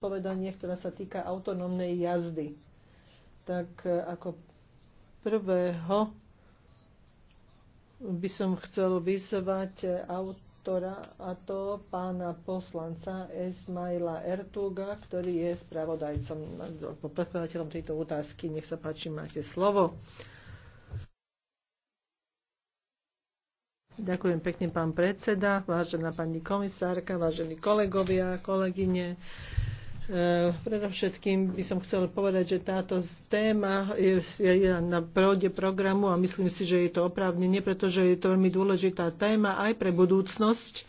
povedanie, ktorá sa týka autonómnej jazdy. Tak e, ako prvého by som chcel vyzvať e, autora a to pána poslanca Esmaila Ertuga, ktorý je spravodajcom, predkladateľom tejto otázky. Nech sa páči, máte slovo. Ďakujem pekne, pán predseda, vážená pani komisárka, vážení kolegovia, kolegyne. Eh, predovšetkým by som chcel povedať, že táto téma je, na prode programu a myslím si, že je to oprávnenie, pretože je to veľmi dôležitá téma aj pre budúcnosť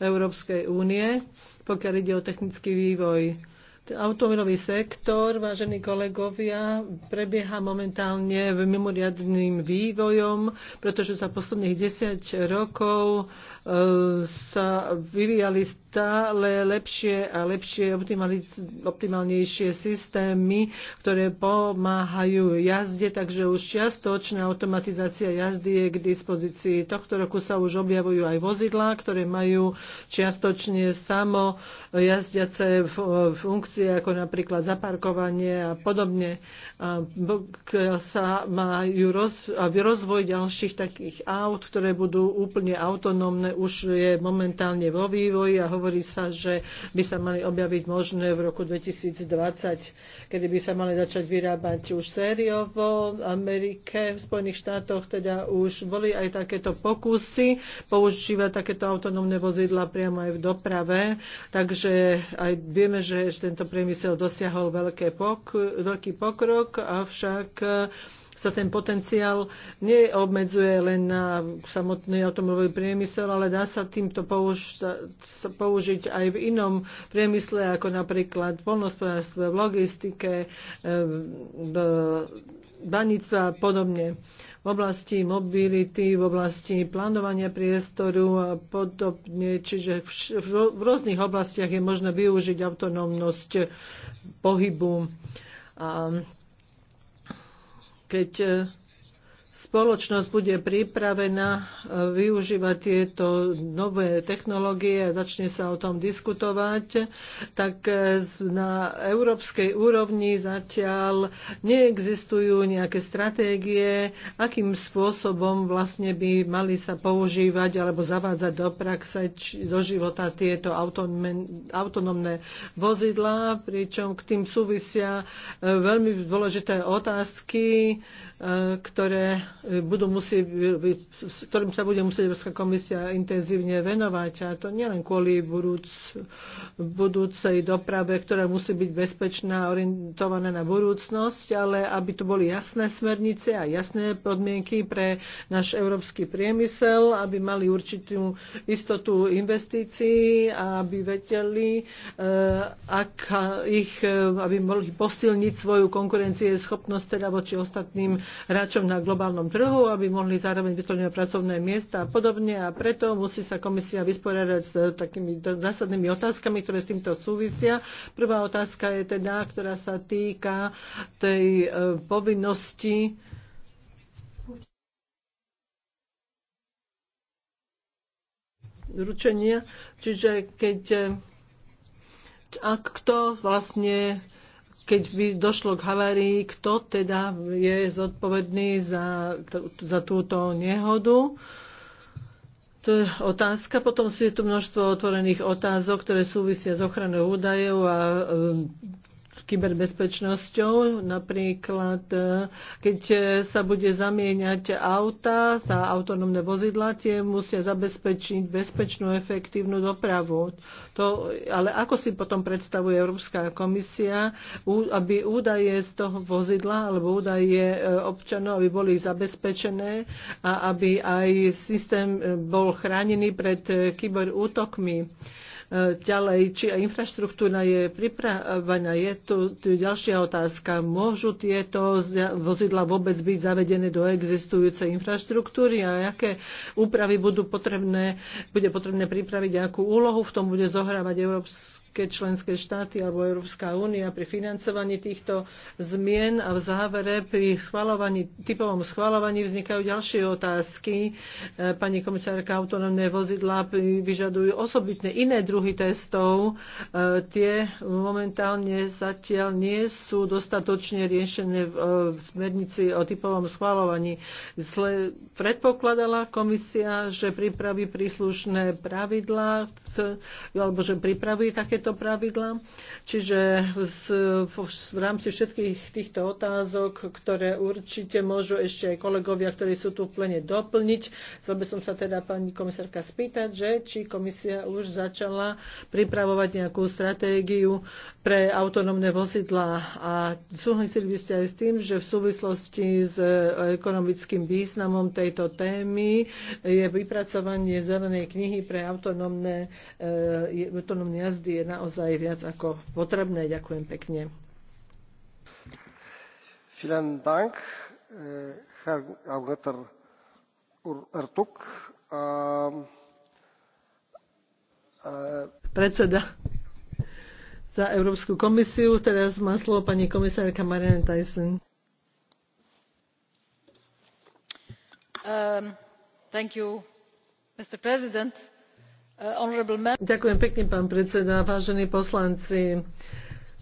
Európskej únie, pokiaľ ide o technický vývoj. Automobilový sektor, vážení kolegovia, prebieha momentálne mimoriadným vývojom, pretože za posledných 10 rokov sa vyvíjali stále lepšie a lepšie, optimálnejšie systémy, ktoré pomáhajú jazde, takže už čiastočná automatizácia jazdy je k dispozícii. Tohto roku sa už objavujú aj vozidlá, ktoré majú čiastočne samo jazdiace funkcie, ako napríklad zaparkovanie a podobne. A sa majú roz, rozvoj ďalších takých aut, ktoré budú úplne autonómne už je momentálne vo vývoji a hovorí sa, že by sa mali objaviť možné v roku 2020, kedy by sa mali začať vyrábať už sériovo v Amerike, v Spojených štátoch teda už boli aj takéto pokusy používať takéto autonómne vozidla priamo aj v doprave, takže aj vieme, že tento priemysel dosiahol veľké pok- veľký pokrok, avšak sa ten potenciál neobmedzuje len na samotný automobilový priemysel, ale dá sa týmto použ- použiť aj v inom priemysle, ako napríklad v polnospodárstve, v logistike, e, v baníctve a podobne. V oblasti mobility, v oblasti plánovania priestoru a podobne. Čiže v, v rôznych oblastiach je možné využiť autonómnosť pohybu. A keď eh, spoločnosť bude pripravená e, využívať tieto nové technológie a začne sa o tom diskutovať, tak e, na európskej úrovni zatiaľ neexistujú nejaké stratégie, akým spôsobom vlastne by mali sa používať alebo zavádzať do praxe, či, do života tieto autonómne vozidlá, pričom k tým súvisia e, veľmi dôležité otázky, E, ktoré e, budú musieť, ktorým sa bude musieť Európska komisia intenzívne venovať. A to nielen kvôli budúc, budúcej doprave, ktorá musí byť bezpečná, orientovaná na budúcnosť, ale aby tu boli jasné smernice a jasné podmienky pre náš európsky priemysel, aby mali určitú istotu investícií a aby vedeli, e, ak ich, aby mohli posilniť svoju konkurencieschopnosť teda voči ostatným hráčom na globálnom trhu, aby mohli zároveň vytvoriť pracovné miesta a podobne. A preto musí sa komisia vysporiadať s e, takými zásadnými otázkami, ktoré s týmto súvisia. Prvá otázka je teda, ktorá sa týka tej e, povinnosti ručenia, čiže keď e, ak kto vlastne keď by došlo k havárii, kto teda je zodpovedný za, za túto nehodu. To je otázka. Potom si je tu množstvo otvorených otázok, ktoré súvisia s ochranou údajov a kyberbezpečnosťou. Napríklad, e, keď e, sa bude zamieňať auta za autonómne vozidla, tie musia zabezpečiť bezpečnú, efektívnu dopravu. To, ale ako si potom predstavuje Európska komisia, aby údaje z toho vozidla alebo údaje e, občanov, aby boli zabezpečené a aby aj systém bol chránený pred kyberútokmi ďalej, či infraštruktúra je pripravená. Je tu, je ďalšia otázka. Môžu tieto vozidla vôbec byť zavedené do existujúcej infraštruktúry a aké úpravy budú potrebné, bude potrebné pripraviť, akú úlohu v tom bude zohrávať Európska keď členské štáty alebo Európska únia pri financovaní týchto zmien a v závere pri schvalovaní, typovom schvalovaní vznikajú ďalšie otázky. E, pani komisárka, autonómne vozidlá vyžadujú osobitné iné druhy testov. E, tie momentálne zatiaľ nie sú dostatočne riešené v e, smernici o typovom schvalovaní. Predpokladala komisia, že pripraví príslušné pravidlá alebo že pripraví takéto tieto pravidlá. Čiže v rámci všetkých týchto otázok, ktoré určite môžu ešte aj kolegovia, ktorí sú tu v plene doplniť, chcel by som sa teda pani komisárka spýtať, že či komisia už začala pripravovať nejakú stratégiu pre autonómne vozidlá a súhlasili by ste aj s tým, že v súvislosti s e, ekonomickým významom tejto témy je vypracovanie zelenej knihy pre autonómne, e, autonómne jazdy je naozaj viac ako potrebné. Ďakujem pekne. Vielen Dank, eh, Herr Augeter Ertug. Ähm, äh, Predseda za Európsku komisiu. Teraz má slovo pani komisárka Marianne Tyson. Um, thank you, Mr. President Uh, Ďakujem pekne, pán predseda, vážení poslanci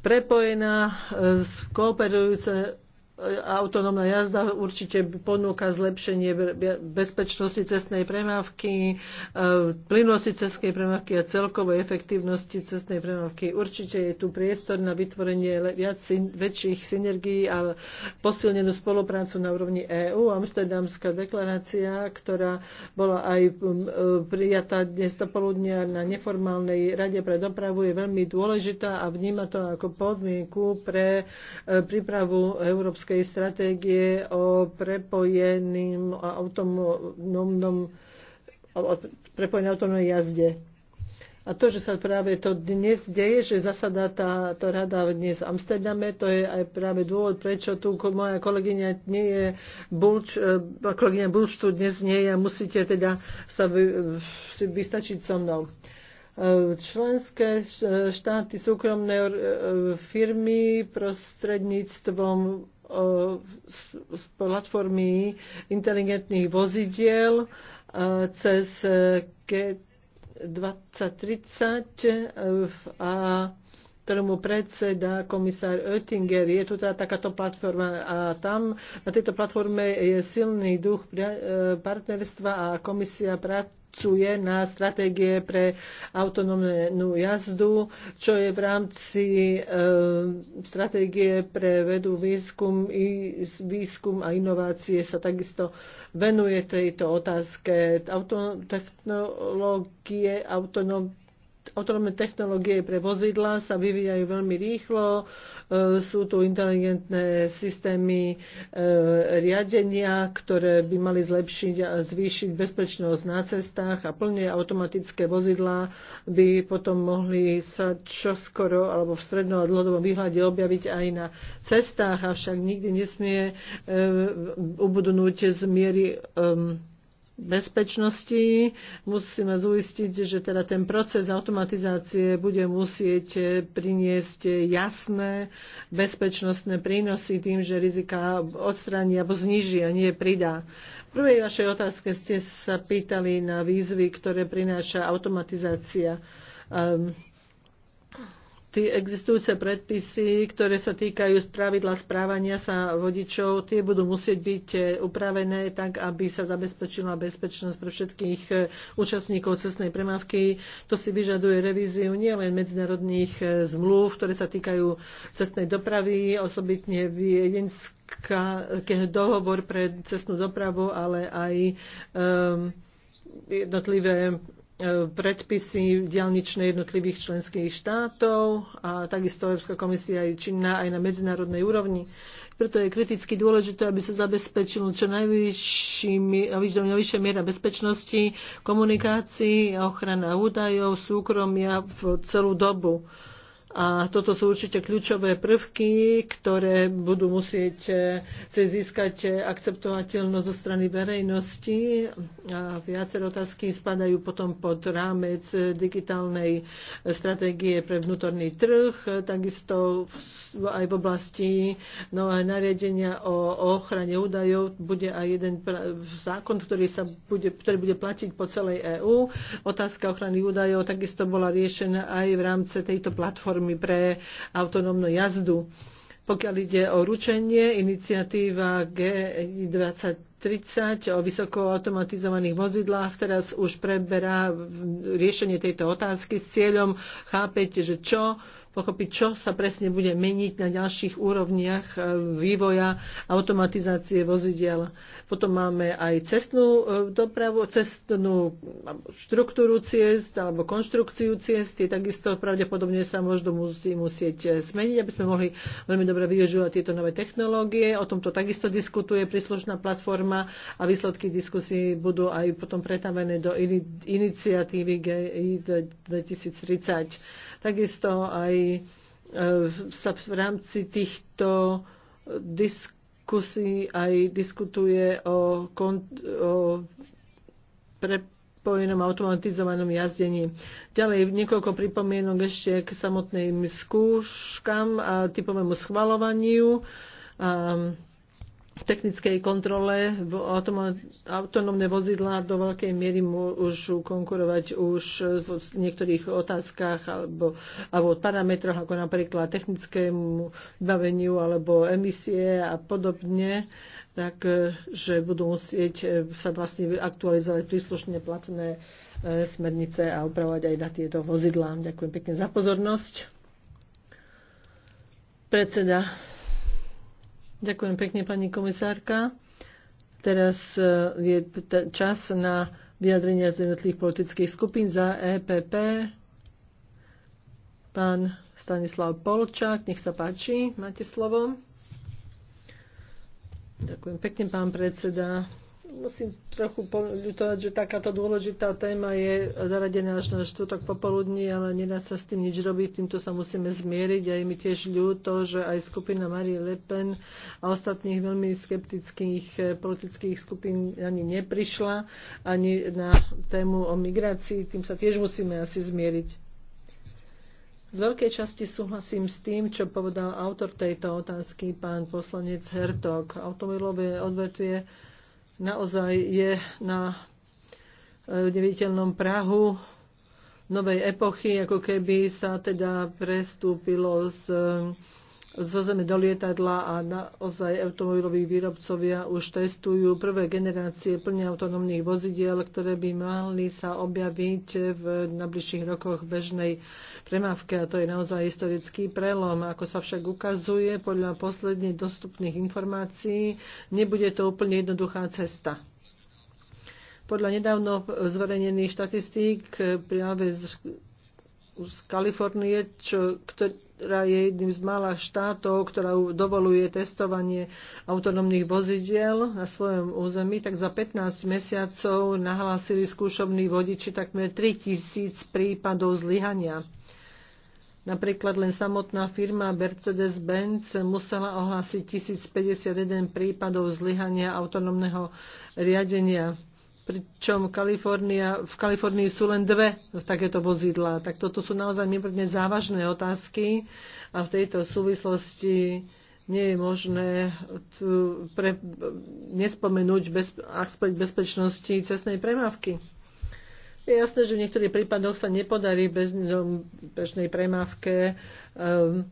prepojená, uh, kooperujúca autonómna jazda určite ponúka zlepšenie bezpečnosti cestnej premávky, e, plynosti cestnej premávky a celkovej efektívnosti cestnej premávky. Určite je tu priestor na vytvorenie viac, väčších synergií a posilnenú spoluprácu na úrovni EÚ. Amsterdamská deklarácia, ktorá bola aj e, prijatá dnes poludnia na neformálnej rade pre dopravu, je veľmi dôležitá a vníma to ako podmienku pre e, prípravu Európskej európskej stratégie o prepojeným autonómnom prepojené autonómnej jazde. A to, že sa práve to dnes deje, že zasadá tá, rada dnes v Amsterdame, to je aj práve dôvod, prečo tu moja kolegyňa nie je Bulč, e, kolegyňa Bulč tu dnes nie je a musíte teda sa vy, e, vystačiť so mnou e, členské štáty, súkromné firmy prostredníctvom z e, platformy inteligentných vozidiel e, cez e, G2030 a ktorému predseda komisár Oettinger. Je tu teda takáto platforma a tam na tejto platforme je silný duch partnerstva a komisia práce pracuje na stratégie pre autonómnu jazdu, čo je v rámci e, stratégie pre vedu, výskum, i, výskum a inovácie sa takisto venuje tejto otázke. Auto, technológie autonómne autonómne technológie pre vozidla sa vyvíjajú veľmi rýchlo, e, sú tu inteligentné systémy e, riadenia, ktoré by mali zlepšiť a zvýšiť bezpečnosť na cestách a plne automatické vozidla by potom mohli sa čoskoro alebo v strednom a dlhodobom výhľade objaviť aj na cestách, avšak nikdy nesmie e, ubudnúť z miery um, bezpečnosti. Musíme zuistiť, že teda ten proces automatizácie bude musieť e, priniesť jasné bezpečnostné prínosy tým, že rizika odstráni alebo zniží a nie pridá. V prvej vašej otázke ste sa pýtali na výzvy, ktoré prináša automatizácia. Um, Tí existujúce predpisy, ktoré sa týkajú pravidla správania sa vodičov, tie budú musieť byť e, upravené tak, aby sa zabezpečila bezpečnosť pre všetkých e, účastníkov cestnej premávky. To si vyžaduje revíziu nielen medzinárodných e, zmluv, ktoré sa týkajú cestnej dopravy, osobitne viedenského dohovor pre cestnú dopravu, ale aj um, jednotlivé E, predpisy dialničnej jednotlivých členských štátov a takisto Európska komisia je činná aj na medzinárodnej úrovni. Preto je kriticky dôležité, aby sa zabezpečilo čo najvyššia miera bezpečnosti, komunikácií a ochrana údajov, súkromia v celú dobu. A toto sú určite kľúčové prvky, ktoré budú musieť si eh, získať eh, akceptovateľnosť zo strany verejnosti. A viacer otázky spadajú potom pod rámec eh, digitálnej stratégie pre vnútorný trh, takisto aj v oblasti nové nariadenia o ochrane údajov bude aj jeden zákon, ktorý, sa bude, ktorý bude platiť po celej EÚ. Otázka ochrany údajov takisto bola riešená aj v rámci tejto platformy platformy pre autonómnu jazdu. Pokiaľ ide o ručenie, iniciatíva G2030 o vysokoautomatizovaných vozidlách teraz už preberá riešenie tejto otázky s cieľom chápeť, že čo pochopiť, čo sa presne bude meniť na ďalších úrovniach e, vývoja automatizácie vozidiel. Potom máme aj cestnú e, dopravu, cestnú štruktúru ciest alebo konštrukciu ciest. Tie takisto pravdepodobne sa možno musí, musieť e, zmeniť, aby sme mohli veľmi dobre využívať tieto nové technológie. O tomto takisto diskutuje príslušná platforma a výsledky diskusí budú aj potom pretavené do iniciatívy GI 2030 Takisto aj e, sa v rámci týchto diskusí aj diskutuje o, o prepojenom automatizovanom jazdení. Ďalej niekoľko pripomienok ešte k samotným skúškam a typovému schvalovaniu. A, v technickej kontrole v autonómne vozidlá do veľkej miery môžu konkurovať už v niektorých otázkach alebo, alebo parametroch, ako napríklad technickému vybaveniu alebo emisie a podobne tak že budú musieť e, sa vlastne aktualizovať príslušne platné e, smernice a upravovať aj na tieto vozidlá. Ďakujem pekne za pozornosť. Predseda Ďakujem pekne, pani komisárka. Teraz e, je čas na vyjadrenia z jednotlivých politických skupín za EPP. Pán Stanislav Polčák, nech sa páči, máte slovo. Ďakujem pekne, pán predseda musím trochu poľutovať, že takáto dôležitá téma je zaradená až na štvrtok popoludní, ale nedá sa s tým nič robiť, týmto sa musíme zmieriť a je mi tiež ľúto, že aj skupina Marie Le Pen a ostatných veľmi skeptických eh, politických skupín ani neprišla, ani na tému o migrácii, tým sa tiež musíme asi zmieriť. Z veľkej časti súhlasím s tým, čo povedal autor tejto otázky, pán poslanec Hertog. Automobilové odvetvie naozaj je na e, neviditeľnom prahu novej epochy, ako keby sa teda prestúpilo z zo zeme do lietadla a naozaj automobiloví výrobcovia už testujú prvé generácie plne autonómnych vozidiel, ktoré by mali sa objaviť v najbližších rokoch bežnej premávke a to je naozaj historický prelom. Ako sa však ukazuje, podľa posledne dostupných informácií nebude to úplne jednoduchá cesta. Podľa nedávno zverejnených štatistík práve z, z Kalifornie, čo, ktorý, ktorá je jedným z mála štátov, ktorá dovoluje testovanie autonómnych vozidiel na svojom území, tak za 15 mesiacov nahlásili skúšobní vodiči takmer 3000 prípadov zlyhania. Napríklad len samotná firma Mercedes-Benz musela ohlásiť 1051 prípadov zlyhania autonómneho riadenia pričom Kalifornia, v Kalifornii sú len dve takéto vozidlá. Tak toto sú naozaj mimoriadne závažné otázky a v tejto súvislosti nie je možné tu pre, nespomenúť bez, bezpečnosti cestnej premávky. Je jasné, že v niektorých prípadoch sa nepodarí bez bežnej premávke um,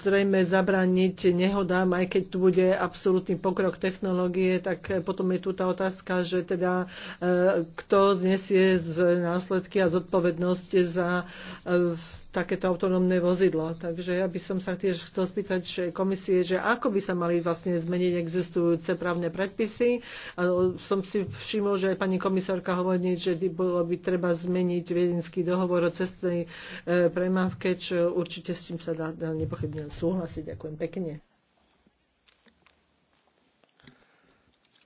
zrejme zabrániť nehodám, aj keď tu bude absolútny pokrok technológie, tak potom je tu tá otázka, že teda e, kto znesie z následky a zodpovednosť za e, takéto autonómne vozidlo. Takže ja by som sa tiež chcel spýtať že komisie, že ako by sa mali vlastne zmeniť existujúce právne predpisy. A som si všimol, že aj pani komisárka hovorí, že by bolo by treba zmeniť viedenský dohovor o cestnej e, premávke, čo určite s tým sa dá, dá nepochybne súhlasiť. Ďakujem pekne.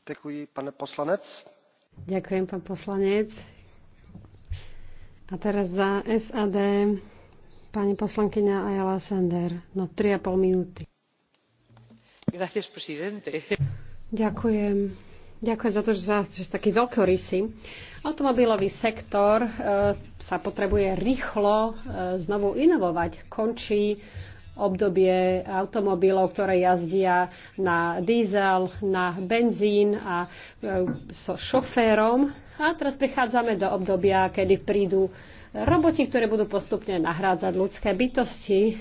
Ďakujem, pane poslanec. Ďakujem, pán poslanec. A teraz za SAD pani poslankyňa Ayala Sender na 3,5 minúty. Gracias, presidente. Ďakujem. Ďakujem za to, že, za, že taký rysy. Automobilový sektor e, sa potrebuje rýchlo e, znovu inovovať. Končí obdobie automobilov, ktoré jazdia na diesel, na benzín a e, so šoférom. A teraz prichádzame do obdobia, kedy prídu e, roboti, ktoré budú postupne nahrádzať ľudské bytosti.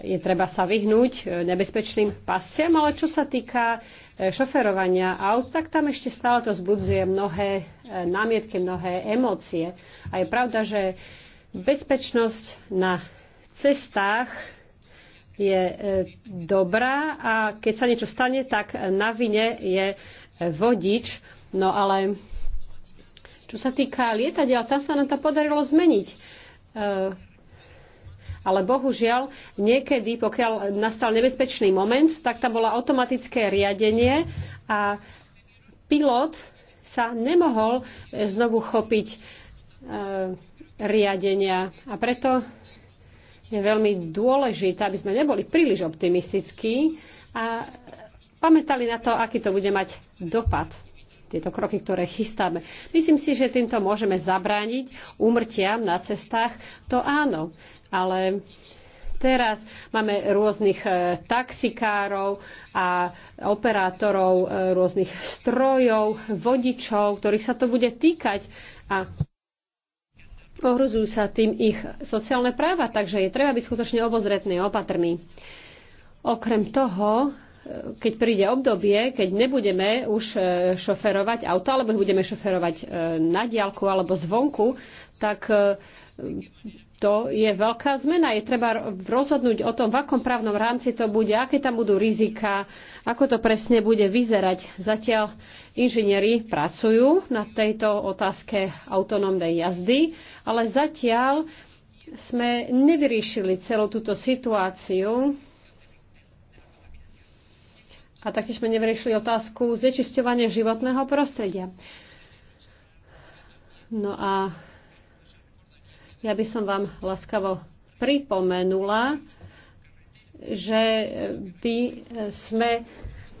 Je treba sa vyhnúť e, nebezpečným pasciam, ale čo sa týka e, šoferovania aut, tak tam ešte stále to zbudzuje mnohé e, námietky, mnohé emócie. A je pravda, že bezpečnosť na cestách je dobrá a keď sa niečo stane, tak na vine je vodič. No ale čo sa týka lietadiel, tam sa nám to podarilo zmeniť. E, ale bohužiaľ, niekedy, pokiaľ nastal nebezpečný moment, tak tam bola automatické riadenie a pilot sa nemohol znovu chopiť e, riadenia. A preto je veľmi dôležité, aby sme neboli príliš optimistickí a pamätali na to, aký to bude mať dopad tieto kroky, ktoré chystáme. Myslím si, že týmto môžeme zabrániť úmrtiam na cestách. To áno, ale teraz máme rôznych e, taxikárov a operátorov e, rôznych strojov, vodičov, ktorých sa to bude týkať a ohrozujú sa tým ich sociálne práva, takže je treba byť skutočne obozretný a opatrný. Okrem toho, keď príde obdobie, keď nebudeme už e, šoferovať auto, alebo budeme šoferovať e, na diálku alebo zvonku, tak e, to je veľká zmena. Je treba rozhodnúť o tom, v akom právnom rámci to bude, aké tam budú rizika, ako to presne bude vyzerať. Zatiaľ inžinieri pracujú na tejto otázke autonómnej jazdy, ale zatiaľ sme nevyriešili celú túto situáciu a taktiež sme nevriešili otázku znečisťovania životného prostredia. No a ja by som vám laskavo pripomenula, že by sme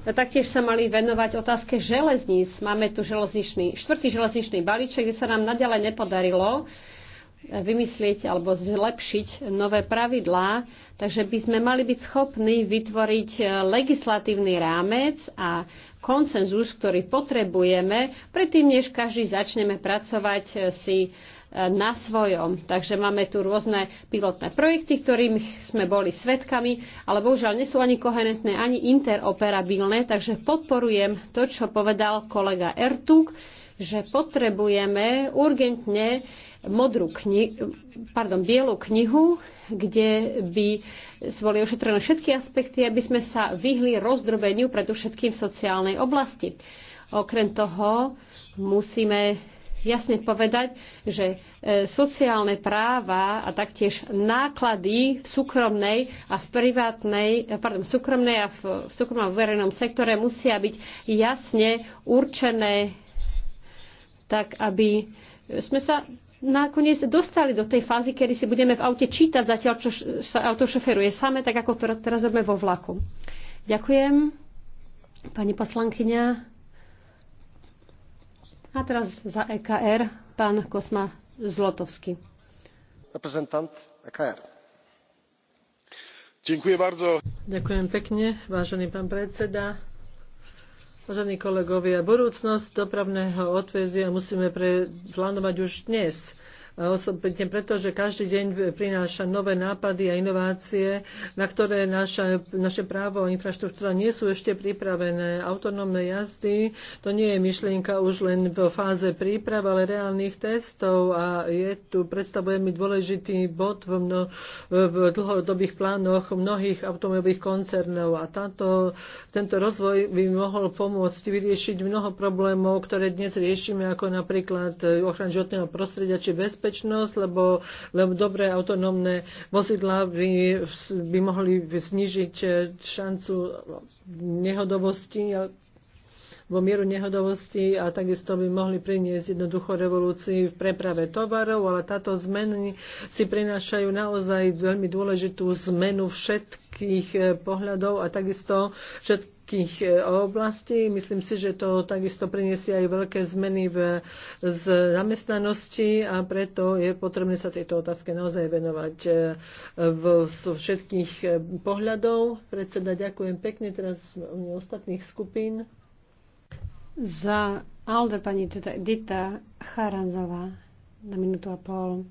Taktiež sa mali venovať otázke železníc. Máme tu železničný, štvrtý železničný balíček, kde sa nám naďalej nepodarilo vymyslieť alebo zlepšiť nové pravidlá, takže by sme mali byť schopní vytvoriť e, legislatívny rámec a koncenzus, ktorý potrebujeme, predtým, než každý začneme pracovať e, si e, na svojom. Takže máme tu rôzne pilotné projekty, ktorým sme boli svetkami, ale bohužiaľ nie sú ani koherentné, ani interoperabilné, takže podporujem to, čo povedal kolega Ertug, že potrebujeme urgentne modrú kni- pardon, bielu knihu, kde by boli ošetrené všetky aspekty, aby sme sa vyhli rozdrobeniu predovšetkým v sociálnej oblasti. Okrem toho musíme jasne povedať, že e, sociálne práva a taktiež náklady v súkromnej a v privátnej, e, pardon, v súkromnej a v, v súkromnom verejnom sektore musia byť jasne určené tak aby sme sa nakoniec dostali do tej fázy, kedy si budeme v aute čítať zatiaľ, čo sa auto šoferuje same, tak ako to teraz robíme vo vlaku. Ďakujem, pani poslankyňa. A teraz za EKR pán Kosma Zlotovský. Reprezentant EKR. Ďakujem, Ďakujem pekne, vážený pán predseda Vážení kolegovia, budúcnosť dopravného odvedia musíme plánovať už dnes osobitne preto, že každý deň prináša nové nápady a inovácie, na ktoré naša, naše právo a infraštruktúra nie sú ešte pripravené. Autonómne jazdy, to nie je myšlienka už len v fáze príprav, ale reálnych testov a je tu, predstavuje mi dôležitý bod v, mno, v dlhodobých plánoch mnohých automobilových koncernov a táto, tento rozvoj by mohol pomôcť vyriešiť mnoho problémov, ktoré dnes riešime, ako napríklad ochrana životného prostredia či bezpečnosti bezpečnosť, lebo, lebo dobré autonómne vozidlá by, by mohli znižiť eh, šancu nehodovosti vo mieru nehodovosti a takisto by mohli priniesť jednoducho revolúcii v preprave tovarov, ale táto zmeny si prinášajú naozaj veľmi dôležitú zmenu všetkých eh, pohľadov a takisto všetkých všetkých e, oblastí. Myslím si, že to takisto priniesie aj veľké zmeny v zamestnanosti a preto je potrebné sa tejto otázke naozaj venovať e, v všetkých e, pohľadov. Predseda, ďakujem pekne. Teraz u ostatných skupín. Za Alde pani Dita Charanzová na minútu a pol.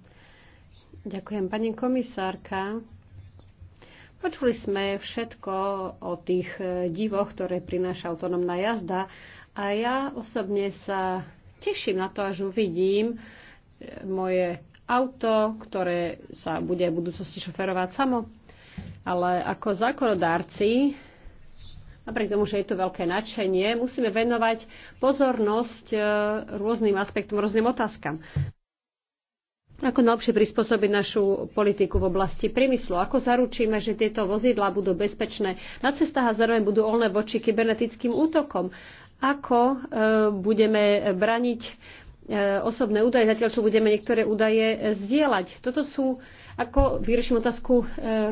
Ďakujem. Pani komisárka, Počuli sme všetko o tých e, divoch, ktoré prináša autonómna jazda a ja osobne sa teším na to, až uvidím e, moje auto, ktoré sa bude v budúcnosti šoferovať samo. Ale ako zákonodárci, napriek tomu, že je to veľké nadšenie, musíme venovať pozornosť e, rôznym aspektom, rôznym otázkam ako najlepšie prispôsobiť našu politiku v oblasti priemyslu. Ako zaručíme, že tieto vozidlá budú bezpečné na cestách a zároveň budú olné voči kybernetickým útokom? Ako e, budeme braniť e, osobné údaje, zatiaľ čo budeme niektoré údaje e, zdieľať? Toto sú, ako vyriešim otázku e,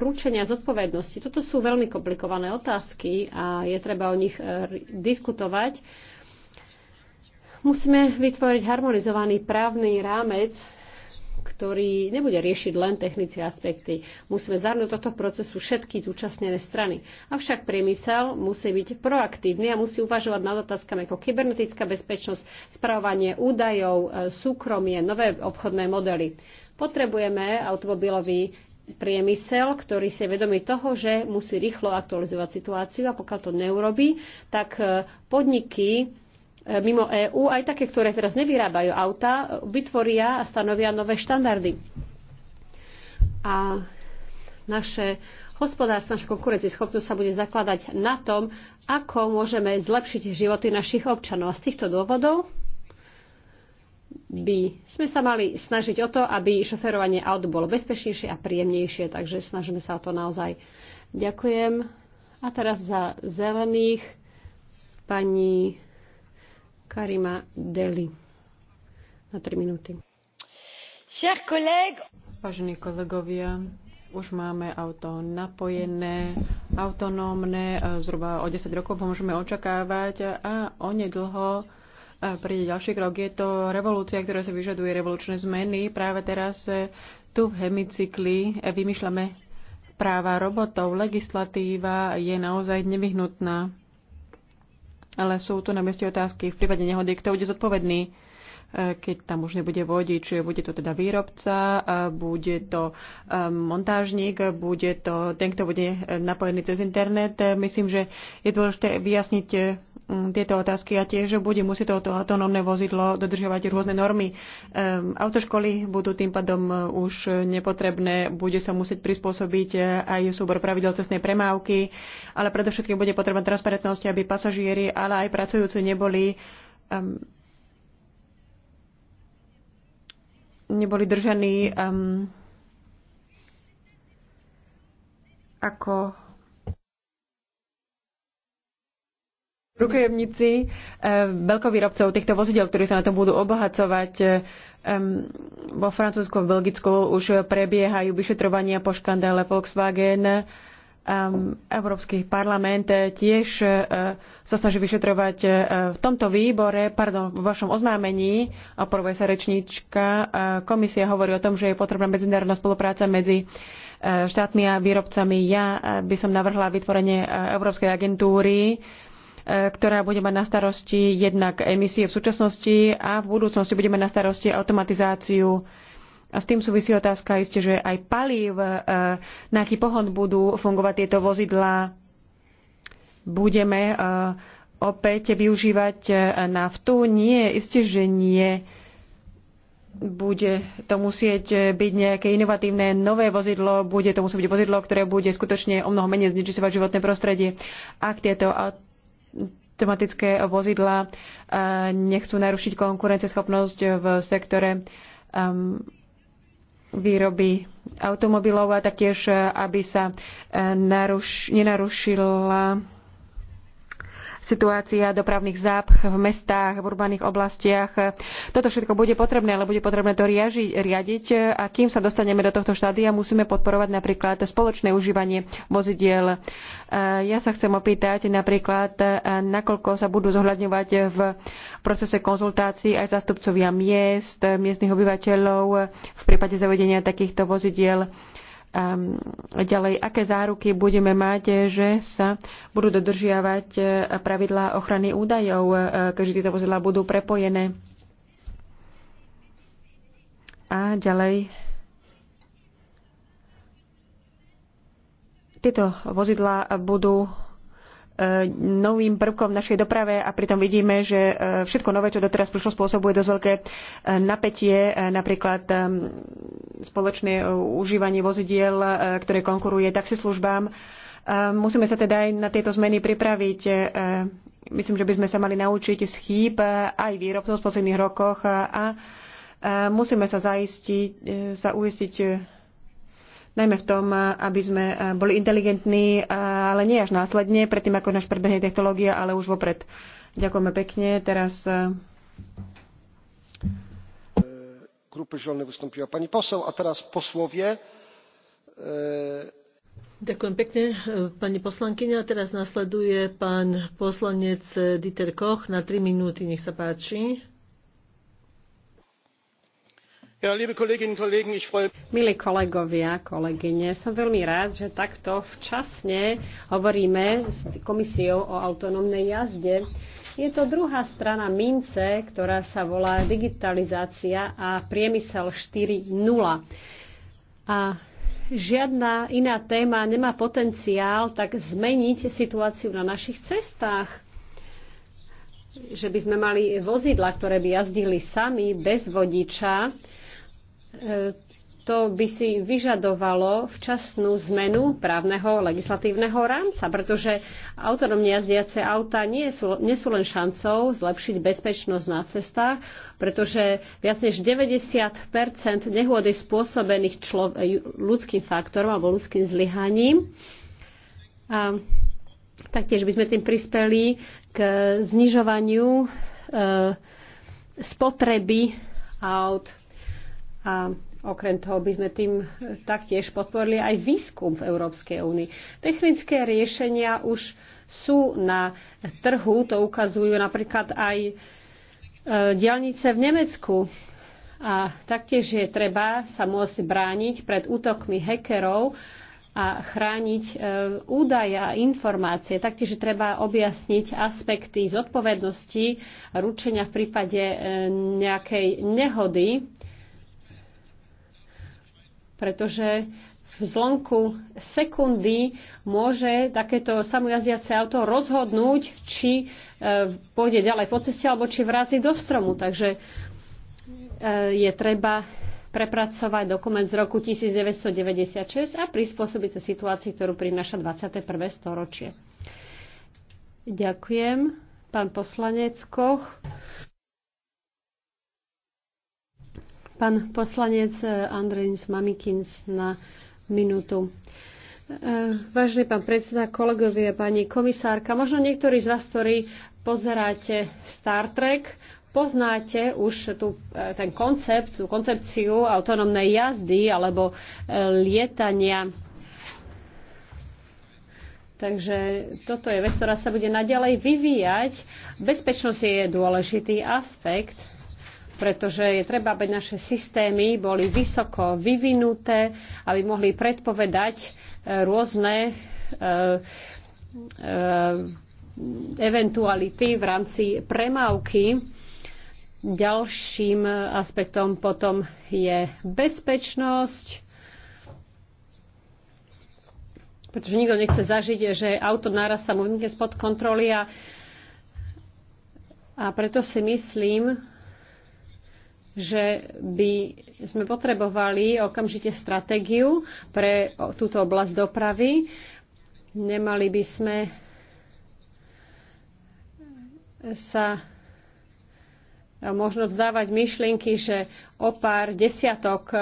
ručenia zodpovednosti, toto sú veľmi komplikované otázky a je treba o nich e, diskutovať. Musíme vytvoriť harmonizovaný právny rámec ktorý nebude riešiť len technické aspekty. Musíme zahrnúť tohto procesu všetky zúčastnené strany. Avšak priemysel musí byť proaktívny a musí uvažovať nad otázkami ako kybernetická bezpečnosť, spravovanie údajov, e, súkromie, nové obchodné modely. Potrebujeme automobilový priemysel, ktorý si je vedomý toho, že musí rýchlo aktualizovať situáciu a pokiaľ to neurobi, tak e, podniky E, mimo EÚ, aj také, ktoré teraz nevyrábajú auta, vytvoria a stanovia nové štandardy. A naše hospodárstvo, naša konkurencieschopnosť sa bude zakladať na tom, ako môžeme zlepšiť životy našich občanov. A z týchto dôvodov by sme sa mali snažiť o to, aby šoferovanie aut bolo bezpečnejšie a príjemnejšie, takže snažíme sa o to naozaj. Ďakujem. A teraz za zelených pani Karima Deli. Na 3 minúty. Vážení kolegovia, už máme auto napojené, autonómne, e, zhruba o 10 rokov môžeme očakávať a onedlho e, príde ďalší krok. Je to revolúcia, ktorá sa vyžaduje revolučné zmeny. Práve teraz e, tu v hemicykli vymýšľame práva robotov. Legislatíva je naozaj nevyhnutná ale sú tu na mieste otázky v prípade nehody, kto bude zodpovedný e, keď tam už nebude vodič, bude to teda výrobca, e, bude to e, montážnik, bude to ten, kto bude napojený cez internet. Myslím, že je dôležité vyjasniť Mm, tieto otázky a tiež bude musieť toto autonómne vozidlo dodržovať rôzne normy. Ehm, autoškoly budú tým pádom e, už nepotrebné, bude sa musieť prispôsobiť e, aj súbor pravidel cestnej premávky, ale predovšetkým bude potrebná transparentnosť, aby pasažieri, ale aj pracujúci neboli ehm, neboli držaní um, ako rukojemníci eh, veľkovýrobcov týchto vozidel, ktorí sa na tom budú obohacovať. Eh, vo Francúzsku, v Belgicku už prebiehajú vyšetrovania po škandále Volkswagen. Európsky parlament eh, tiež sa snaží vyšetrovať v tomto výbore, pardon, v vašom oznámení, prvé sa rečníčka, komisia hovorí o tom, že je potrebná medzinárodná spolupráca medzi štátmi a výrobcami. Ja by som navrhla vytvorenie Európskej agentúry, E, ktorá bude mať na starosti jednak emisie v súčasnosti a v budúcnosti budeme na starosti automatizáciu a s tým súvisí otázka isté, že aj palív, e, na aký pohon budú fungovať tieto vozidlá. Budeme e, opäť využívať naftu? Nie, isté, že nie. Bude to musieť byť nejaké inovatívne nové vozidlo, bude to musieť byť vozidlo, ktoré bude skutočne o mnoho menej znečistovať životné prostredie. Ak tieto tematické vozidla eh, nechcú narušiť konkurenceschopnosť v sektore ehm, výroby automobilov a taktiež, eh, aby sa eh, naruš- nenarušila situácia dopravných zápch v mestách, v urbaných oblastiach. Toto všetko bude potrebné, ale bude potrebné to riadiť a kým sa dostaneme do tohto štádia, musíme podporovať napríklad spoločné užívanie vozidiel. Ja sa chcem opýtať napríklad, nakoľko sa budú zohľadňovať v procese konzultácií aj zástupcovia miest, miestnych obyvateľov v prípade zavedenia takýchto vozidiel. Ehm, ďalej, aké záruky budeme mať, eh, že sa budú dodržiavať eh, pravidlá ochrany údajov, eh, keďže tieto vozidlá budú prepojené. A ďalej, tieto vozidlá budú novým prvkom v našej doprave a pritom vidíme, že e, všetko nové, čo doteraz prišlo, spôsobuje dosť veľké e, napätie, e, napríklad spoločné užívanie vozidiel, ktoré konkuruje taxislužbám. Musíme sa teda aj na tieto zmeny pripraviť. Myslím, že by sme sa mali naučiť z chýb aj výrobcov v posledných rokoch a musíme sa zaistiť, sa uistiť najmä v tom, eh, aby sme eh, boli inteligentní, eh, ale nie až následne, predtým ako náš predbehne technológia, ale už vopred. Ďakujeme pekne. Teraz grupy zielonej vystúpila pani posel a teraz poslovie. Ďakujem pekne, pani poslankyňa. Teraz nasleduje pán poslanec Dieter Koch na 3 minúty. Nech sa páči. Milí kolegovia, kolegyne, som veľmi rád, že takto včasne hovoríme s komisiou o autonómnej jazde. Je to druhá strana mince, ktorá sa volá digitalizácia a priemysel 4.0. A žiadna iná téma nemá potenciál tak zmeniť situáciu na našich cestách že by sme mali vozidla, ktoré by jazdili sami bez vodiča, E, to by si vyžadovalo včasnú zmenu právneho legislatívneho rámca, pretože autonómne jazdiace auta nie sú, nie sú len šancou zlepšiť bezpečnosť na cestách, pretože viac než 90 nehôd je spôsobených člo, e, ľudským faktorom alebo ľudským zlyhaním. A taktiež by sme tým prispeli k znižovaniu e, spotreby aut a okrem toho by sme tým taktiež podporili aj výskum v Európskej únii. Technické riešenia už sú na trhu, to ukazujú napríklad aj e, diálnice v Nemecku. A taktiež je treba sa môcť brániť pred útokmi hekerov a chrániť e, údaje a informácie. Taktiež treba objasniť aspekty zodpovednosti ručenia v prípade e, nejakej nehody pretože v zlomku sekundy môže takéto samojazdiace auto rozhodnúť, či e, pôjde ďalej po ceste alebo či vrazi do stromu. Takže e, je treba prepracovať dokument z roku 1996 a prispôsobiť sa situácii, ktorú prináša 21. storočie. Ďakujem, pán poslanec Koch. Pán poslanec eh, Andrejs Mamikins na minútu. Eh, vážený pán predseda, kolegovia, pani komisárka, možno niektorí z vás, ktorí pozeráte Star Trek, poznáte už tú, eh, ten koncept, tú koncepciu autonómnej jazdy alebo lietania. Takže toto je vec, ktorá sa bude naďalej vyvíjať. Bezpečnosť je dôležitý aspekt pretože je treba, aby naše systémy boli vysoko vyvinuté, aby mohli predpovedať e, rôzne e, e, eventuality v rámci premávky. Ďalším aspektom potom je bezpečnosť, pretože nikto nechce zažiť, že auto naraz sa mu vymkne spod kontroly a, a preto si myslím, že by sme potrebovali okamžite stratégiu pre túto oblasť dopravy. Nemali by sme sa možno vzdávať myšlienky, že o pár desiatok e,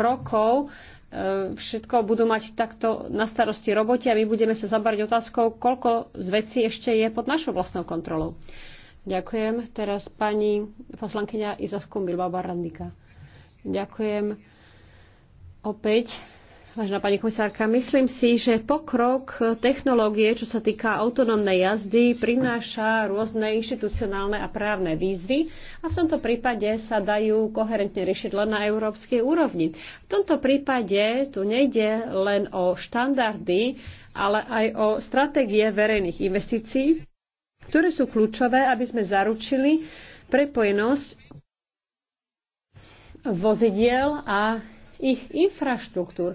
rokov e, všetko budú mať takto na starosti roboti a my budeme sa zabrať otázkou, koľko z vecí ešte je pod našou vlastnou kontrolou. Ďakujem. Teraz pani poslankyňa Izaskum Bilbao Barandika. Ďakujem. Opäť Vážená pani komisárka, myslím si, že pokrok technológie, čo sa týka autonómnej jazdy, prináša rôzne inštitucionálne a právne výzvy a v tomto prípade sa dajú koherentne riešiť len na európskej úrovni. V tomto prípade tu nejde len o štandardy, ale aj o stratégie verejných investícií ktoré sú kľúčové, aby sme zaručili prepojenosť vozidiel a ich infraštruktúr.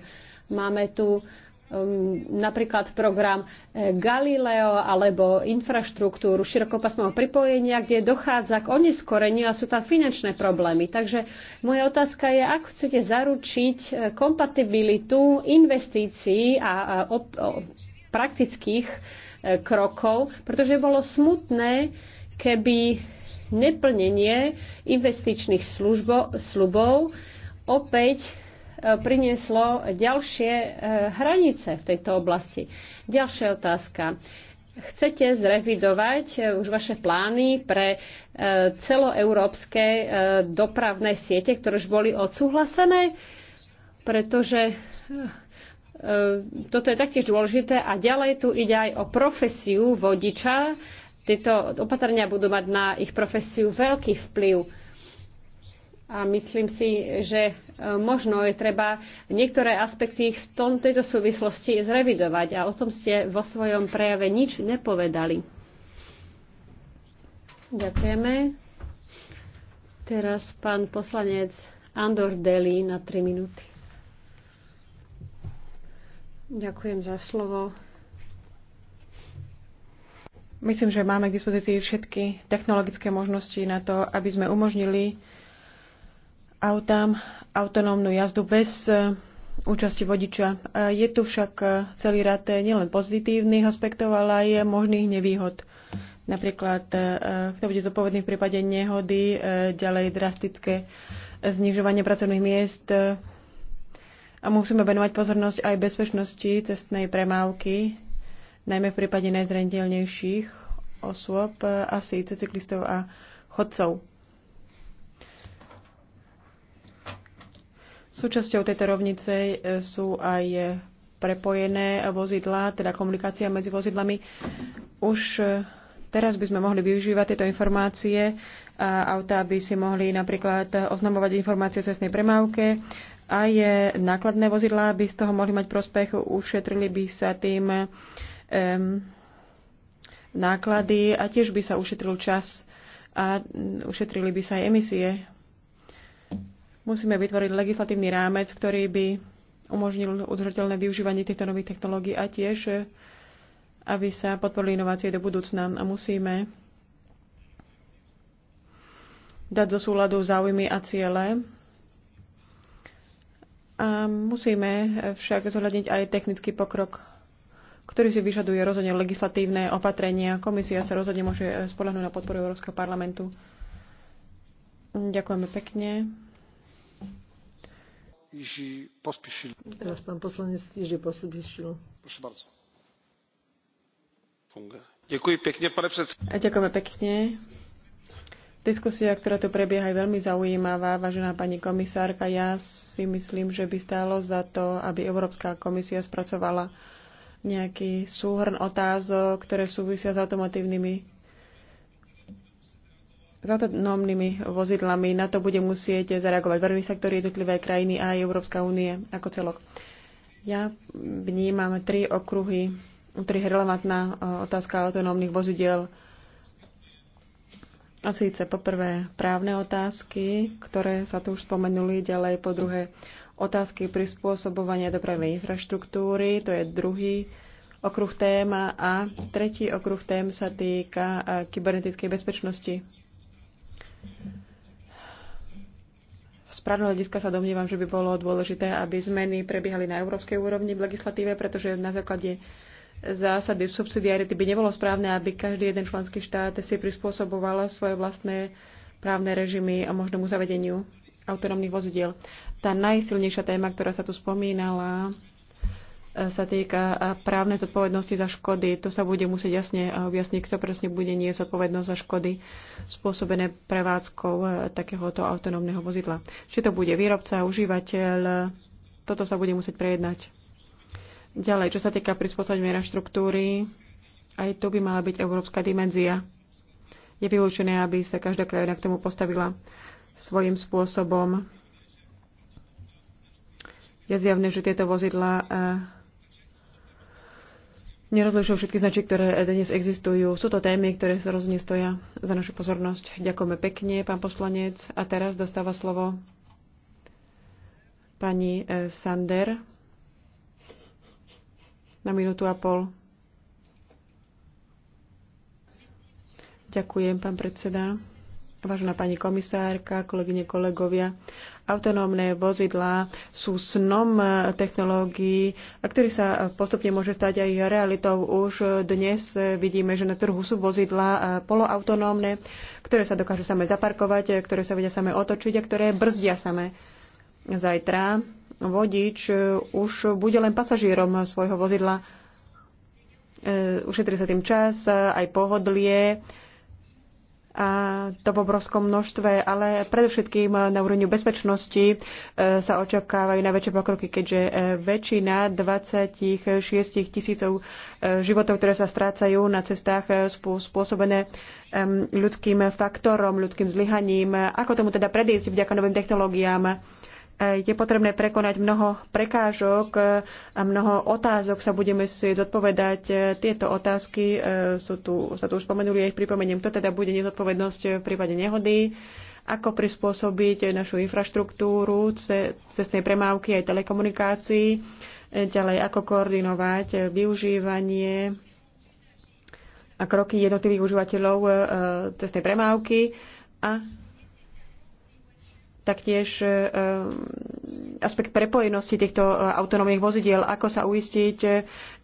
Máme tu um, napríklad program eh, Galileo alebo infraštruktúru širokopasmového pripojenia, kde dochádza k oneskoreniu a sú tam finančné problémy. Takže moja otázka je, ako chcete zaručiť eh, kompatibilitu investícií a, a, a praktických e, krokov, pretože bolo smutné, keby neplnenie investičných službo, slubov opäť e, prinieslo ďalšie e, hranice v tejto oblasti. Ďalšia otázka. Chcete zrevidovať už vaše plány pre celoeurópske dopravné siete, ktoré už boli odsúhlasené? Pretože E, toto je taktiež dôležité. A ďalej tu ide aj o profesiu vodiča. Tieto opatrenia budú mať na ich profesiu veľký vplyv. A myslím si, že e, možno je treba niektoré aspekty v tom, tejto súvislosti zrevidovať. A o tom ste vo svojom prejave nič nepovedali. Ďakujeme. Teraz pán poslanec Andor Deli na 3 minúty. Ďakujem za slovo. Myslím, že máme k dispozícii všetky technologické možnosti na to, aby sme umožnili autám autonómnu jazdu bez e, účasti vodiča. E, je tu však e, celý rad nielen pozitívnych aspektov, ale aj možných nevýhod. Napríklad, kto bude zodpovedný v prípade nehody, ďalej drastické znižovanie pracovných miest, a musíme venovať pozornosť aj bezpečnosti cestnej premávky, najmä v prípade najzrendelnejších osôb, asi cyklistov a chodcov. Súčasťou tejto rovnice e, sú aj prepojené vozidla, teda komunikácia medzi vozidlami. Už e, teraz by sme mohli využívať tieto informácie a autá by si mohli napríklad oznamovať informácie o cestnej premávke, aj nákladné vozidlá by z toho mohli mať prospech, ušetrili by sa tým um, náklady a tiež by sa ušetril čas a mm, ušetrili by sa aj emisie. Musíme vytvoriť legislatívny rámec, ktorý by umožnil udržateľné využívanie týchto nových technológií a tiež, aby sa podporili inovácie do budúcna. A musíme dať zo súladu záujmy a ciele a musíme však zohľadniť aj technický pokrok, ktorý si vyžaduje rozhodne legislatívne opatrenia. Komisia sa rozhodne môže spolahnúť na podporu Európskeho parlamentu. Ďakujeme pekne. Iži pospíšil. Teraz pán poslanec Iži pospíšil. Proszę bardzo. Ďakujem pekne, pane predsedajúci. Ďakujeme pekne. Diskusia, ktorá tu prebieha, je veľmi zaujímavá. Vážená pani komisárka, ja si myslím, že by stálo za to, aby Európska komisia spracovala nejaký súhrn otázok, ktoré súvisia s automotívnymi s autonómnymi vozidlami. Na to bude musieť zareagovať verejný sektor, jednotlivé krajiny a aj Európska únie ako celok. Ja vnímam tri okruhy, tri relevantná e, otázka autonómnych vozidiel a síce poprvé právne otázky, ktoré sa tu už spomenuli, ďalej po druhé otázky prispôsobovania dopravnej infraštruktúry, to je druhý okruh téma a tretí okruh tém sa týka eh, kybernetickej bezpečnosti. Z právneho hľadiska sa domnívam, že by bolo dôležité, aby zmeny prebiehali na európskej úrovni v legislatíve, pretože na základe zásady subsidiarity by nebolo správne, aby každý jeden členský štát si prispôsoboval svoje vlastné právne režimy a možnému zavedeniu autonómnych vozidiel. Tá najsilnejšia téma, ktorá sa tu spomínala, e, sa týka e, právnej zodpovednosti za škody. To sa bude musieť jasne e, objasniť, kto presne bude nie zodpovednosť za škody spôsobené prevádzkou takéhoto autonómneho vozidla. Či to bude výrobca, užívateľ, toto sa bude musieť prejednať. Ďalej, čo sa týka prispôsobenia štruktúry, aj tu by mala byť európska dimenzia. Je vylúčené, aby sa každá krajina k tomu postavila svojim spôsobom. Je zjavné, že tieto vozidla eh, nerozlišujú všetky značky, ktoré eh, dnes existujú. Sú to témy, ktoré sa rozhodne stoja za našu pozornosť. Ďakujeme pekne, pán poslanec. A teraz dostáva slovo pani eh, Sander na minútu a pol. Ďakujem, pán predseda. Vážená pani komisárka, kolegyne, kolegovia, autonómne vozidlá sú snom technológií, ktorý sa postupne môže stať aj realitou. Už dnes vidíme, že na trhu sú vozidlá poloautonómne, ktoré sa dokážu same zaparkovať, ktoré sa vedia same otočiť a ktoré brzdia same. Zajtra vodič e, už bude len pasažierom svojho vozidla. E, ušetrí sa tým čas, e, aj pohodlie a to v obrovskom množstve, ale predovšetkým na úrovni bezpečnosti sa očakávajú najväčšie pokroky, keďže väčšina 26 tisícov životov, ktoré sa strácajú na cestách spôsobené ľudským faktorom, ľudským zlyhaním. Ako tomu teda predísť vďaka novým technológiám? je potrebné prekonať mnoho prekážok e, a mnoho otázok sa budeme si zodpovedať. E, tieto otázky e, sú tu, sa tu už spomenuli, ja ich pripomeniem, kto teda bude nezodpovednosť v prípade nehody, ako prispôsobiť našu infraštruktúru, cestnej premávky aj telekomunikácií, ďalej ako koordinovať využívanie a kroky jednotlivých užívateľov cestnej premávky a taktiež e, e, aspekt prepojenosti týchto e, autonómnych vozidiel, ako sa uistiť,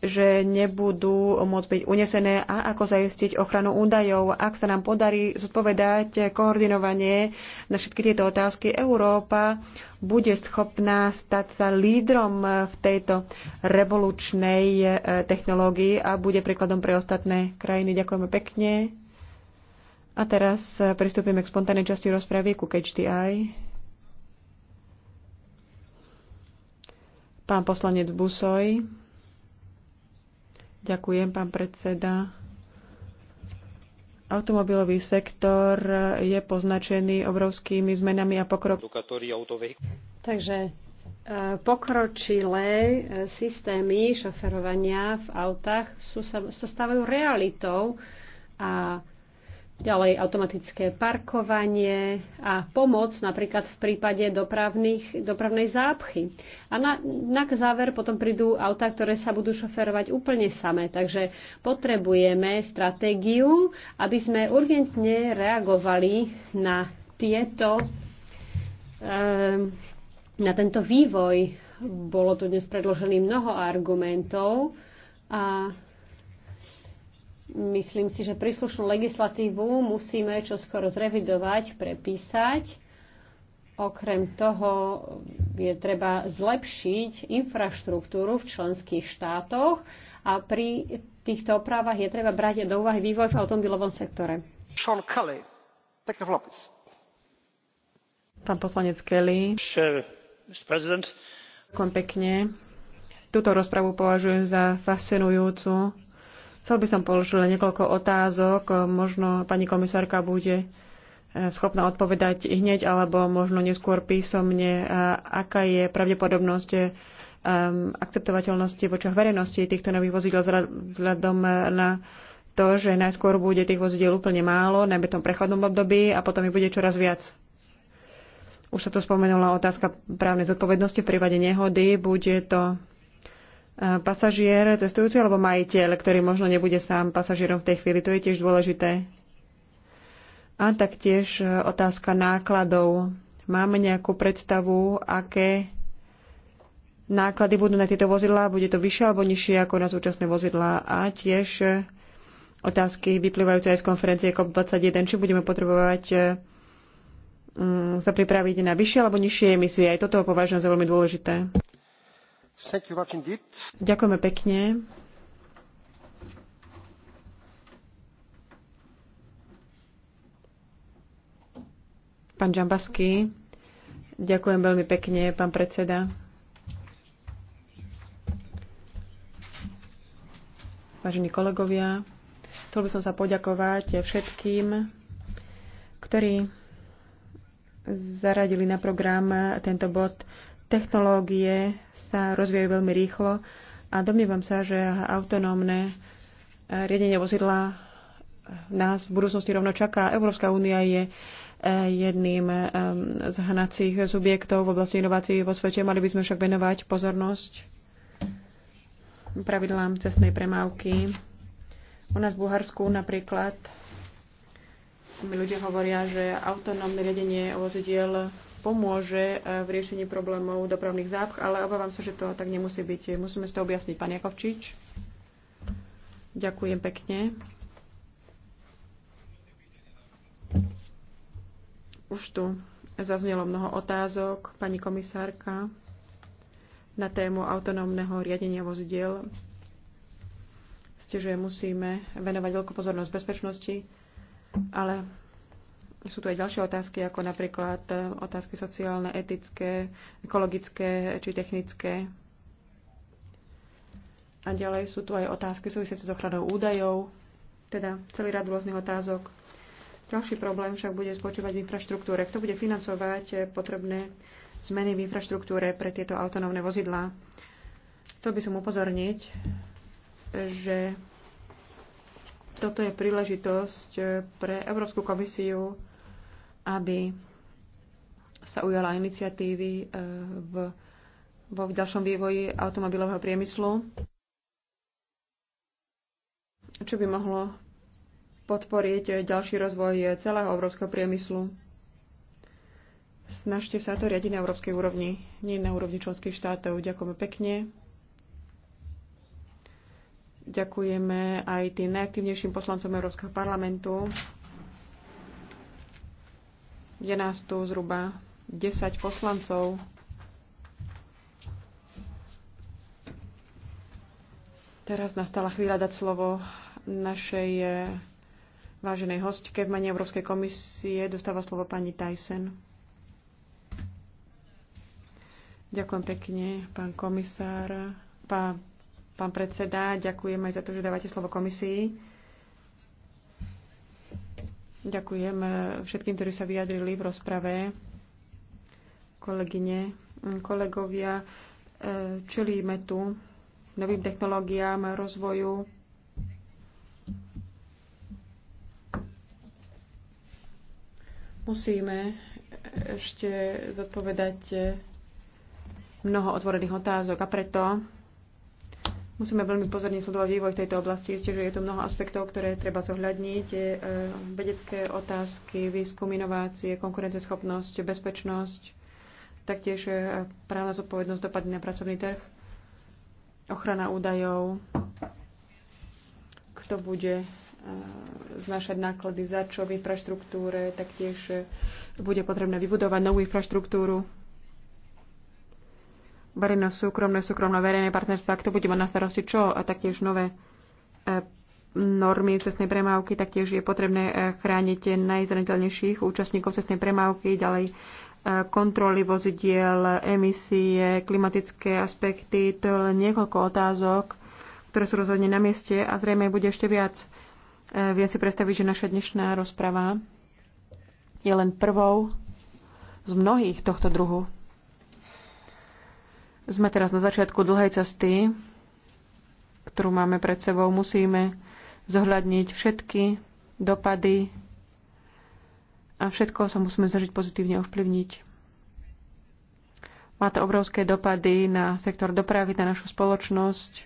že nebudú môcť byť unesené a ako zaistiť ochranu údajov. Ak sa nám podarí zodpovedať koordinovanie na všetky tieto otázky, Európa bude schopná stať sa lídrom v tejto revolučnej technológii a bude príkladom pre ostatné krajiny. Ďakujeme pekne. A teraz pristúpime k spontánnej časti rozpravy ku Catch Pán poslanec Busoj. Ďakujem, pán predseda. Automobilový sektor je poznačený obrovskými zmenami a pokrok. Takže e, pokročilé e, systémy šoferovania v autách sú sa, sa stávajú realitou a ďalej automatické parkovanie a pomoc napríklad v prípade dopravných, dopravnej zápchy. A na, na záver potom prídu autá, ktoré sa budú šoferovať úplne samé. Takže potrebujeme stratégiu, aby sme urgentne reagovali na tieto ehm, na tento vývoj. Bolo tu dnes predložený mnoho argumentov a Myslím si, že príslušnú legislatívu musíme čoskoro zrevidovať, prepísať. Okrem toho je treba zlepšiť infraštruktúru v členských štátoch a pri týchto opravách je treba brať do úvahy vývoj v automobilovom sektore. Sean Kelly, Pán poslanec Kelly. Sure, Ďakujem pekne. Túto rozpravu považujem za fascinujúcu Chcel by som položila niekoľko otázok. Možno pani komisárka bude e, schopná odpovedať hneď, alebo možno neskôr písomne, e, aká je pravdepodobnosť e, akceptovateľnosti v očiach verejnosti týchto nových vozidel vzhľadom na to, že najskôr bude tých vozidiel úplne málo, najmä v tom prechodnom období a potom ich bude čoraz viac. Už sa tu spomenula otázka právnej zodpovednosti v prípade nehody. Bude to pasažier, cestujúci alebo majiteľ, ktorý možno nebude sám pasažierom v tej chvíli. To je tiež dôležité. A taktiež e, otázka nákladov. Máme nejakú predstavu, aké náklady budú na tieto vozidlá? Bude to vyššie alebo nižšie ako na súčasné vozidlá? A tiež e, otázky vyplývajúce aj z konferencie COP21, či budeme potrebovať e, mm, sa pripraviť na vyššie alebo nižšie emisie. Aj toto považujem za veľmi dôležité. Ďakujeme pekne. Pán Džambasky, ďakujem veľmi pekne, pán predseda. Vážení kolegovia, chcel by som sa poďakovať všetkým, ktorí zaradili na program tento bod Technológie sa rozvíjajú veľmi rýchlo a domnievam sa, že autonómne eh, riadenie vozidla nás v budúcnosti rovno čaká. Európska únia je eh, jedným eh, z hnacích subjektov v oblasti inovácií vo svete. Mali by sme však venovať pozornosť pravidlám cestnej premávky. U nás v Bulharsku napríklad mi ľudia hovoria, že autonómne riadenie vozidiel pomôže eh, v riešení problémov dopravných zápch, ale obávam sa, že to tak nemusí byť. Musíme si to objasniť. Pán Jakovčič. Ďakujem pekne. Už tu zaznelo mnoho otázok, pani komisárka, na tému autonómneho riadenia vozidiel. Ste, že musíme venovať veľkú pozornosť bezpečnosti, ale sú tu aj ďalšie otázky, ako napríklad e, otázky sociálne, etické, ekologické či technické. A ďalej sú tu aj otázky súvisiace s ochranou údajov, teda celý rad rôznych otázok. Ďalší problém však bude spočívať v infraštruktúre. Kto bude financovať e, potrebné zmeny v infraštruktúre pre tieto autonómne vozidlá? Chcel by som upozorniť, že toto je príležitosť e, pre Európsku komisiu aby sa ujala iniciatívy e, v, vo ďalšom vývoji automobilového priemyslu, čo by mohlo podporiť ďalší rozvoj celého európskeho priemyslu. Snažte sa to riadiť na európskej úrovni, nie na úrovni členských štátov. Ďakujeme pekne. Ďakujeme aj tým najaktívnejším poslancom Európskeho parlamentu. Je nás tu zhruba 10 poslancov. Teraz nastala chvíľa dať slovo našej eh, váženej hostke v mene Európskej komisie. Dostáva slovo pani Tyson. Ďakujem pekne, pán komisár, pán, pán predseda. Ďakujem aj za to, že dávate slovo komisii. Ďakujem všetkým, ktorí sa vyjadrili v rozprave. Kolegyne, kolegovia, e, čelíme tu novým technológiám, rozvoju. Musíme ešte zodpovedať mnoho otvorených otázok a preto Musíme veľmi pozorne sledovať vývoj v tejto oblasti. Isté, že je tu mnoho aspektov, ktoré treba zohľadniť. E, vedecké otázky, výskum, inovácie, konkurenceschopnosť, bezpečnosť, taktiež e, právna zodpovednosť dopadne na pracovný trh, ochrana údajov, kto bude e, znašať náklady za čo v infraštruktúre, taktiež bude potrebné vybudovať novú infraštruktúru verejno-súkromné, súkromno-verejné partnerstva, kto bude mať na starosti čo a taktiež nové e, normy cestnej premávky, taktiež je potrebné e, chrániť najzraniteľnejších účastníkov cestnej premávky, ďalej e, kontroly vozidiel, emisie, klimatické aspekty, to niekoľko otázok, ktoré sú rozhodne na mieste a zrejme bude ešte viac. Viem si predstaviť, že naša dnešná rozprava je len prvou z mnohých tohto druhu. Sme teraz na začiatku dlhej cesty, ktorú máme pred sebou. Musíme zohľadniť všetky dopady a všetko sa musíme zažiť pozitívne ovplyvniť. Má to obrovské dopady na sektor dopravy, na našu spoločnosť,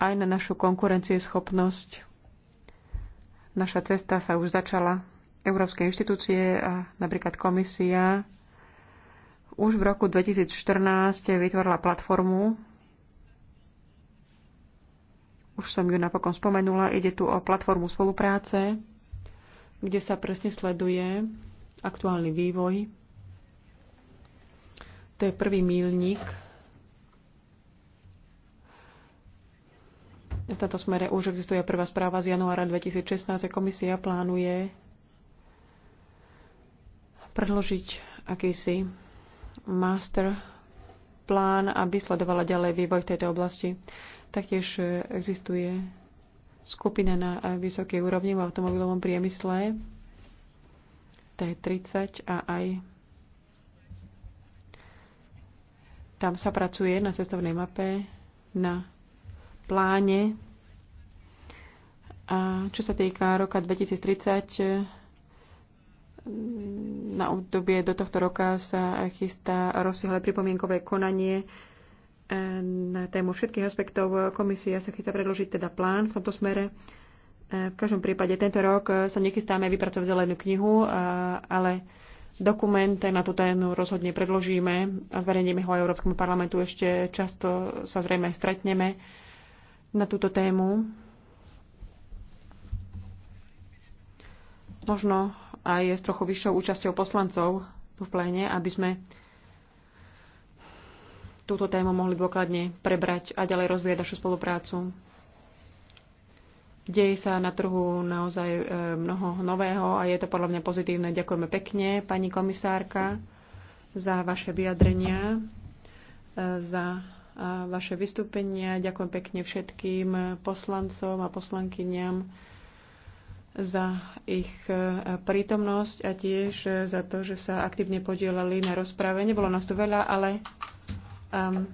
aj na našu konkurencieschopnosť. Naša cesta sa už začala. Európske inštitúcie a napríklad komisia už v roku 2014 vytvorila platformu. Už som ju napokon spomenula. Ide tu o platformu spolupráce, kde sa presne sleduje aktuálny vývoj. To je prvý mílnik. V tomto smere už existuje prvá správa z januára 2016 a komisia plánuje predložiť akýsi master plán, aby sledovala ďalej vývoj v tejto oblasti. Taktiež e, existuje skupina na e, vysokej úrovni v automobilovom priemysle, T30 a aj tam sa pracuje na cestovnej mape, na pláne. A čo sa týka roka 2030, na obdobie do tohto roka sa chystá rozsiahle pripomienkové konanie eh, na tému všetkých aspektov. Komisia sa chystá predložiť teda plán v tomto smere. Eh, v každom prípade tento rok eh, sa nechystáme vypracovať zelenú knihu, ale dokument na tú tému rozhodne predložíme a zverejníme ho aj Európskemu parlamentu. Ešte často sa zrejme stretneme na túto tému. Možno aj s trochu vyššou účasťou poslancov tu v pléne, aby sme túto tému mohli dôkladne prebrať a ďalej rozvíjať našu spoluprácu. Deje sa na trhu naozaj e, mnoho nového a je to podľa mňa pozitívne. Ďakujeme pekne, pani komisárka, za vaše vyjadrenia, e, za e, vaše vystúpenia. Ďakujem pekne všetkým poslancom a poslankyňam za ich e, prítomnosť a tiež e, za to, že sa aktívne podielali na rozprave. Nebolo nás tu veľa, ale um,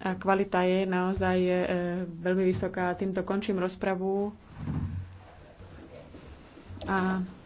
kvalita je naozaj je, e, veľmi vysoká. Týmto končím rozpravu. A